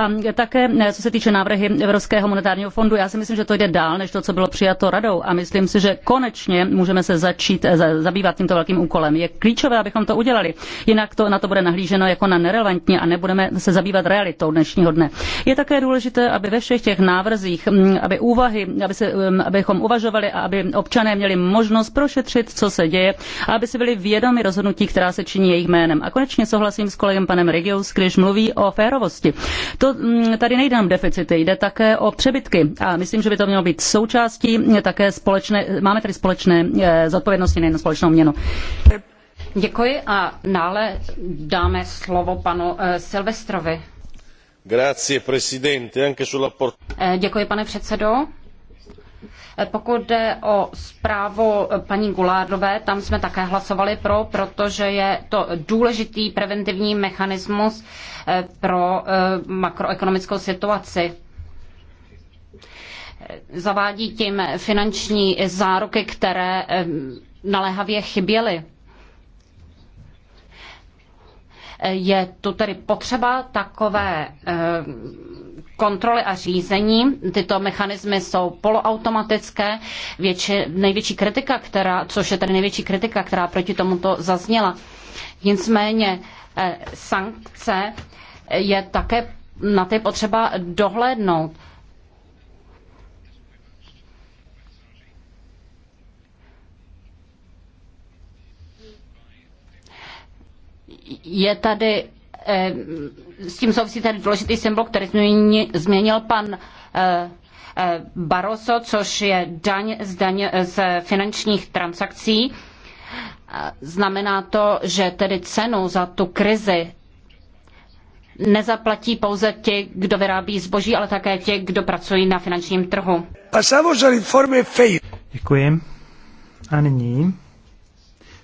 A také co se týče návrhy Evropského monetárního fondu, já si myslím, že to jde dál než to, co bylo přijato radou a myslím si, že konečně můžeme se začít eh, zabývat tímto velkým úkolem. Je klíčové, abychom to udělali, jinak to na to bude nahlíženo jako na nerelevantní a nebudeme se zabývat realitou dnešního dne. Je také důležité, aby ve všech těch návrzích, mm, aby úvahy, aby se, mm, abychom uvažovali a aby občané měli možnost prošetřit, co se děje a aby si byli vědomi rozhodnutí, která se činí jejich jménem. A konečně souhlasím s kolegem panem Regius, když mluví o férovosti. To mm, tady nejde nám deficity, jde také o přebytky a myslím, že by to mělo být součástí také společné, máme tedy společné eh, zodpovědnosti nejen společnou měnu. Děkuji a nále dáme slovo panu eh, Silvestrovi. Grazie, presidente, anche sulla port- eh, Děkuji, pane předsedo. Pokud jde o zprávu paní Gulárdové, tam jsme také hlasovali pro, protože je to důležitý preventivní mechanismus pro makroekonomickou situaci zavádí tím finanční záruky, které naléhavě chyběly. Je tu tedy potřeba takové kontroly a řízení. Tyto mechanismy jsou poloautomatické. Větši, největší kritika, která, což je tedy největší kritika, která proti tomuto zazněla. Nicméně eh, sankce je také na ty potřeba dohlédnout. je tady eh, s tím souvisí tady důležitý symbol, který změnil pan eh, eh, Baroso, což je daň z, daň z finančních transakcí. Znamená to, že tedy cenu za tu krizi nezaplatí pouze ti, kdo vyrábí zboží, ale také ti, kdo pracují na finančním trhu. Děkuji. A nyní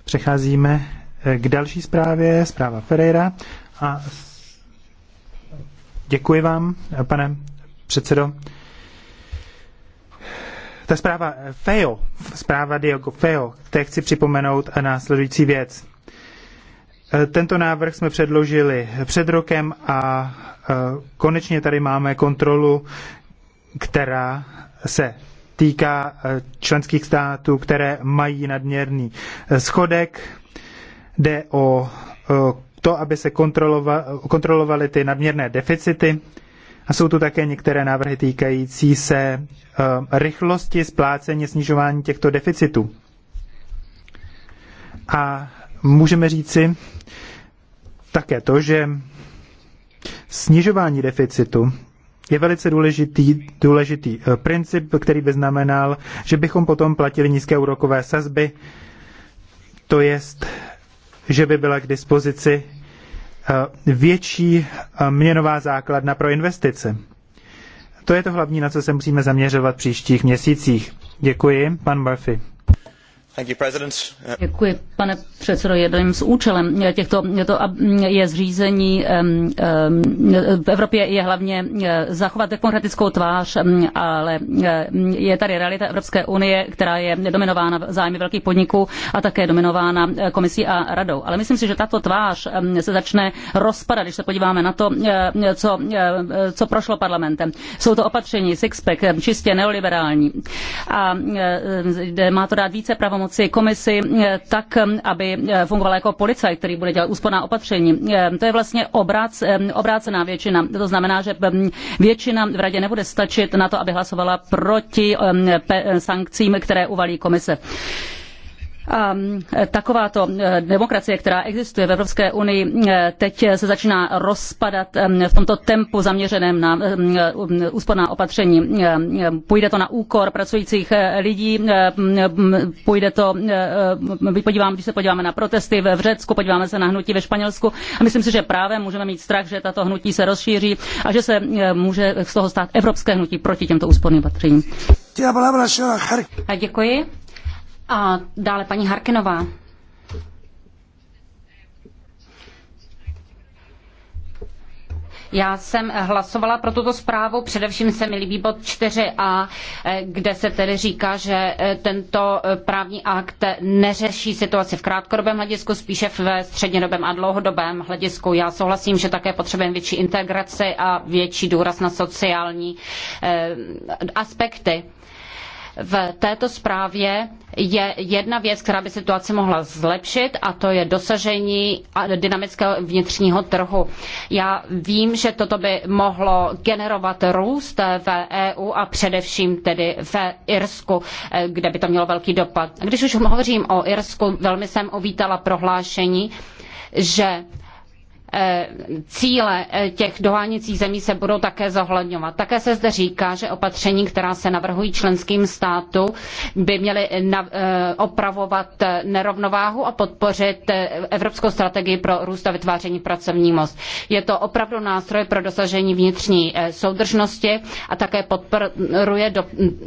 přecházíme k další zprávě, zpráva Ferreira. A děkuji vám, pane předsedo. Ta zpráva Feo, zpráva Diogo Feo, té chci připomenout a následující věc. Tento návrh jsme předložili před rokem a e, konečně tady máme kontrolu, která se týká e, členských států, které mají nadměrný e, schodek Jde o to, aby se kontrolovaly ty nadměrné deficity. A jsou tu také některé návrhy týkající se um, rychlosti splácení snižování těchto deficitů. A můžeme říci také to, že snižování deficitu je velice důležitý, důležitý eh, princip, který by znamenal, že bychom potom platili nízké úrokové sazby, to jest že by byla k dispozici eh, větší eh, měnová základna pro investice. To je to hlavní, na co se musíme zaměřovat v příštích měsících. Děkuji, pan Murphy. Děkuji, pane předsedo. Jedním z účelem těchto to je zřízení v Evropě je hlavně eh, zachovat demokratickou tvář, ale eh, je tady realita Evropské unie, která je dominována zájmy velkých podniků a také dominována eh, komisí a radou. Ale myslím si, že tato tvář se začne rozpadat, když se podíváme na to, co, co prošlo parlamentem. Jsou to opatření six-pack, čistě neoliberální. A má to dát více pravomocí pomoci komisi eh, tak, eh, aby eh, fungovala jako policajt, který bude dělat úsporná opatření. To je vlastně obrác, obrácená většina. To znamená, že většina v radě nebude stačit na to, aby hlasovala proti sankcím, které uvalí komise takováto demokracie, která existuje v Evropské unii, teď se začíná rozpadat v tomto tempu zaměřeném na úsporná opatření. Půjde to na úkor pracujících e, lidí, půjde to, podívám, když se podíváme na protesty v Řecku, podíváme se na hnutí ve Španělsku a myslím si, že právě můžeme mít strach, že tato hnutí se rozšíří a že se e, může z toho stát evropské hnutí proti těmto úsporným opatřením. A děkuji. A dále paní Harkinová. Já jsem hlasovala pro tuto zprávu, především se mi líbí bod 4a, kde se tedy říká, že tento právní akt neřeší situaci v krátkodobém hledisku, spíše ve střednědobém a dlouhodobém hledisku. Já souhlasím, že také potřebujeme větší integraci a větší důraz na sociální eh, aspekty. V této zprávě je jedna věc, která by situaci mohla zlepšit, a to je dosažení dynamického vnitřního trhu. Já vím, že toto by mohlo generovat růst v EU a především tedy v Irsku, kde by to mělo velký dopad. Když už hovořím o Irsku, velmi jsem uvítala prohlášení, že Eh, cíle eh, těch doháněcích zemí se budou také zohledňovat. Také se zde říká, že opatření, která se navrhují členským státům, by měly eh, opravovat nerovnováhu a podpořit Evropskou strategii pro růst a vytváření pracovních most. Je to opravdu nástroj pro dosažení vnitřní soudržnosti a také podporuje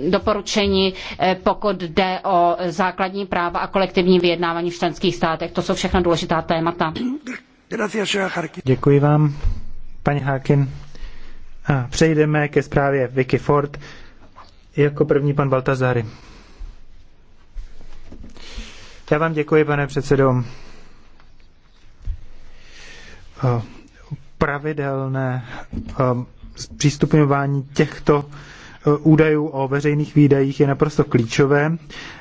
doporučení, pokud jde o základní práva a kolektivní vyjednávání v členských státech. To jsou všechno důležitá témata. Děkuji vám, paní Hákin. A přejdeme ke zprávě Vicky Ford. Jako první pan Baltazary. Já vám děkuji, pane předsedo. Pravidelné přístupňování těchto údajů o veřejných výdajích je naprosto klíčové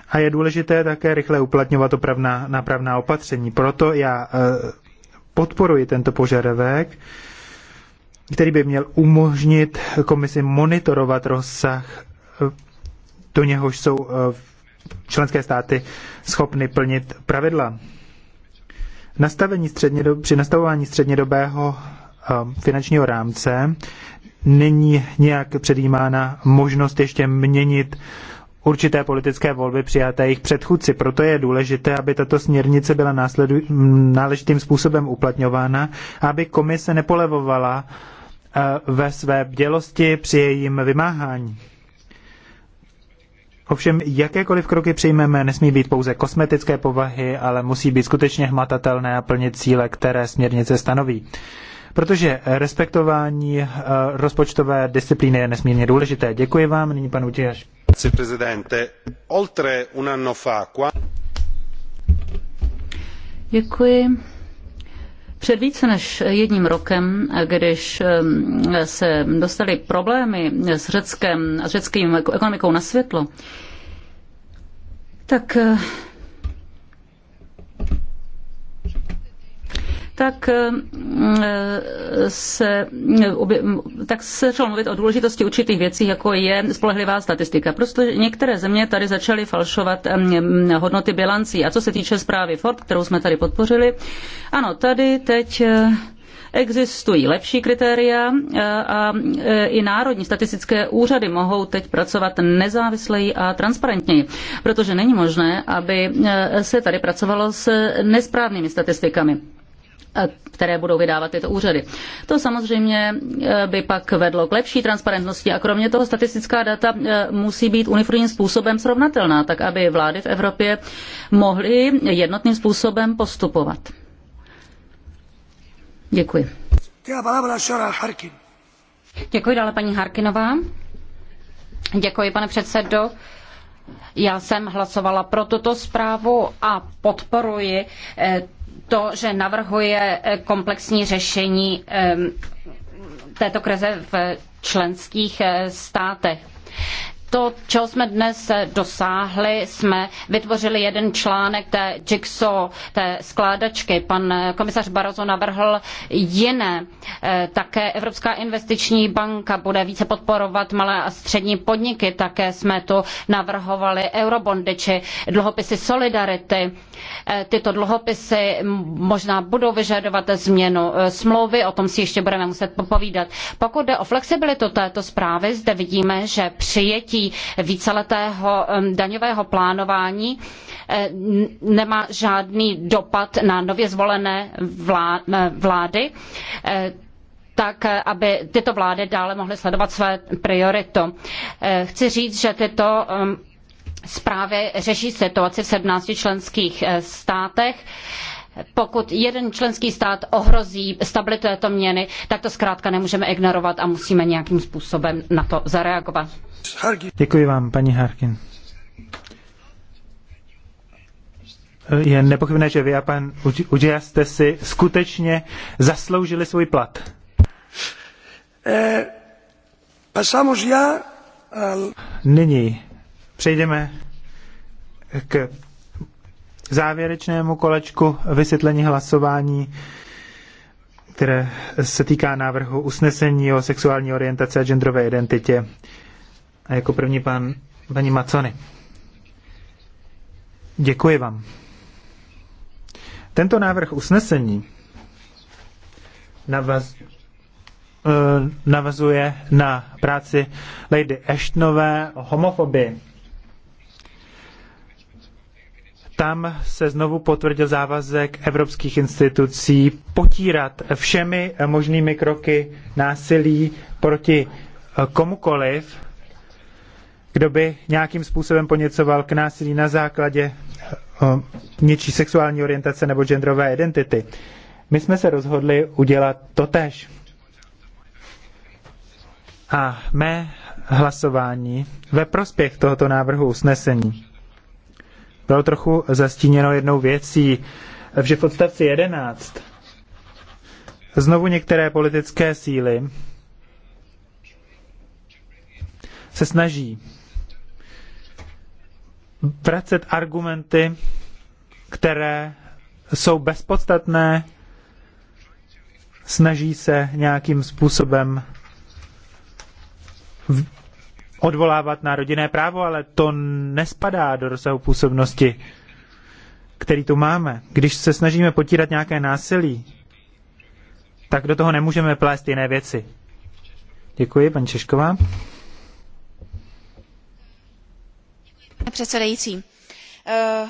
a je důležité také rychle uplatňovat opravná, napravná opatření. Proto já e, podporuji tento požadavek, který by měl umožnit komisi monitorovat rozsah, do něhož jsou eh, členské státy schopny plnit pravidla. Nastavení střednědob, při nastavování střednědobého eh, finančního rámce není nějak předjímána možnost ještě měnit určité politické volby přijaté jejich předchůdci. Proto je důležité, aby tato směrnice byla následu, náležitým způsobem uplatňována, aby komise nepolevovala eh, ve své bdělosti při jejím vymáhání. Ovšem, jakékoliv kroky přijmeme, nesmí být pouze kosmetické povahy, ale musí být skutečně hmatatelné a plnit cíle, které směrnice stanoví. Protože respektování eh, rozpočtové disciplíny je nesmírně důležité. Děkuji vám, nyní pan Utěž signor presidente oltre un anno fa Před více než jedním rokem, když ehm, se dostaly problémy s Řeckem a s řeckým ekonomikou na světlo, tak eh, tak eh, se, tak se začalo mluvit o důležitosti určitých věcí, jako je spolehlivá statistika. Prostě některé země tady začaly falšovat eh, hodnoty bilancí. A co se týče zprávy Ford, kterou jsme tady podpořili, ano, tady teď eh, existují lepší kritéria a i národní statistické úřady mohou teď pracovat nezávisleji a transparentněji, protože není možné, aby se tady pracovalo s nesprávnými statistikami které budou vydávat tyto úřady. To samozřejmě eh, by pak vedlo k lepší transparentnosti a kromě toho statistická data eh, musí být uniformním způsobem srovnatelná, tak aby vlády v Evropě mohly jednotným způsobem postupovat. Děkuji. Děkuji dále paní Harkinová. Děkuji, pane předsedo. Já jsem hlasovala pro tuto zprávu a podporuji eh, to, že navrhuje eh, komplexní řešení eh, této krize v členských eh, státech to, čeho jsme dnes dosáhli, jsme vytvořili jeden článek té jigsaw, té skládačky. Pan komisař Barroso navrhl jiné. E, také Evropská investiční banka bude více podporovat malé a střední podniky. Také jsme tu navrhovali eurobondy či dluhopisy Solidarity. E, tyto dluhopisy možná budou vyžadovat změnu e, smlouvy, o tom si ještě budeme muset popovídat. Pokud jde o flexibilitu této zprávy, zde vidíme, že přijetí víceletého daňového plánování eh, nemá žádný dopad na nově zvolené eh, vlády eh, tak aby tyto vlády dále mohly sledovat své priority. Chci říct, že tyto zprávy řeší situaci v 17 členských státech pokud jeden členský stát ohrozí stabilitu této měny, tak to zkrátka nemůžeme ignorovat a musíme nějakým způsobem na to zareagovat. Děkuji vám, paní Harkin. Je nepochybné, že vy a pan Udžia jste si skutečně zasloužili svůj plat. Eh, eh, Nyní přejdeme k závěrečnému kolečku vysvětlení hlasování, které se týká návrhu usnesení o sexuální orientaci a genderové identitě. A jako první pan, paní Macony. Děkuji vám. Tento návrh usnesení navaz, eh, navazuje na práci Lady Ashtonové o homofobii tam se znovu potvrdil závazek evropských institucí potírat všemi možnými kroky násilí proti eh, komukoliv, kdo by nějakým způsobem poněcoval k násilí na základě eh, něčí sexuální orientace nebo genderové identity. My jsme se rozhodli udělat to tež. A mé hlasování ve prospěch tohoto návrhu usnesení bylo trochu zastíněno jednou věcí, že v odstavci 11 znovu některé politické síly se snaží vracet argumenty, které jsou bezpodstatné, snaží se nějakým způsobem odvolávat na rodinné právo, ale to nespadá do rozsahu působnosti, který tu máme. Když se snažíme potírat nějaké násilí, tak do toho nemůžeme plést jiné věci. Děkuji, paní Češková. Pane předsedající, uh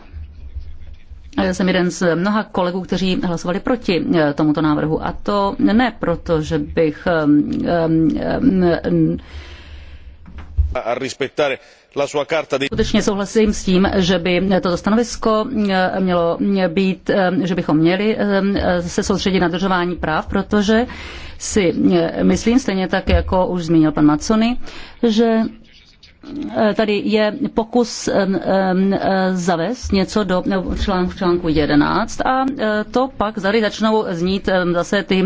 jsem jeden z mnoha kolegů, kteří hlasovali proti eh, tomuto návrhu. A to ne proto, že bych. Ehm, ehm, ehm, a Skutečně souhlasím s tím, že by toto stanovisko eh, mělo být, že bychom měli eh, se soustředit na dodržování práv, protože si myslím, stejně tak jako už zmínil pan Macony, že Eh, tady je pokus eh, zavést něco do eh, článku, článku 11 a to pak tady začnou znít zase ty,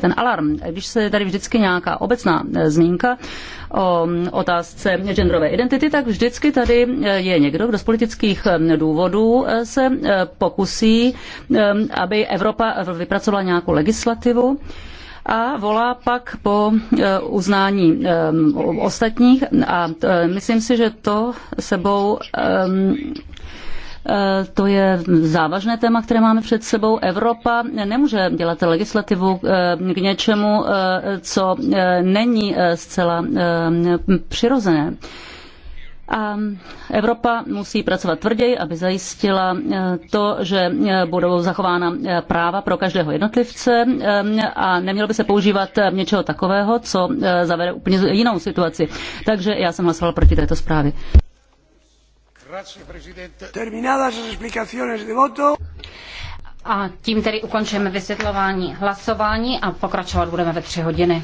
ten alarm. Když se tady vždycky nějaká obecná zmínka o mm, otázce genderové identity, tak vždycky tady je někdo, kdo z politických důvodů se pokusí, aby Evropa vypracovala nějakou legislativu, a volá pak po e, uznání e, ostatních a e, myslím si, že to sebou to je závažné téma, které máme před sebou. Evropa nemůže dělat legislativu k něčemu, co není zcela přirozené. A Evropa musí pracovat tvrději, aby zajistila eh, to, že eh, budou zachována eh, práva pro každého jednotlivce a nemělo by se používat něčeho takového, co zavede úplně jinou situaci. Takže já jsem hlasoval proti této zprávě. A tím tedy ukončíme vysvětlování hlasování a pokračovat budeme ve tři hodiny.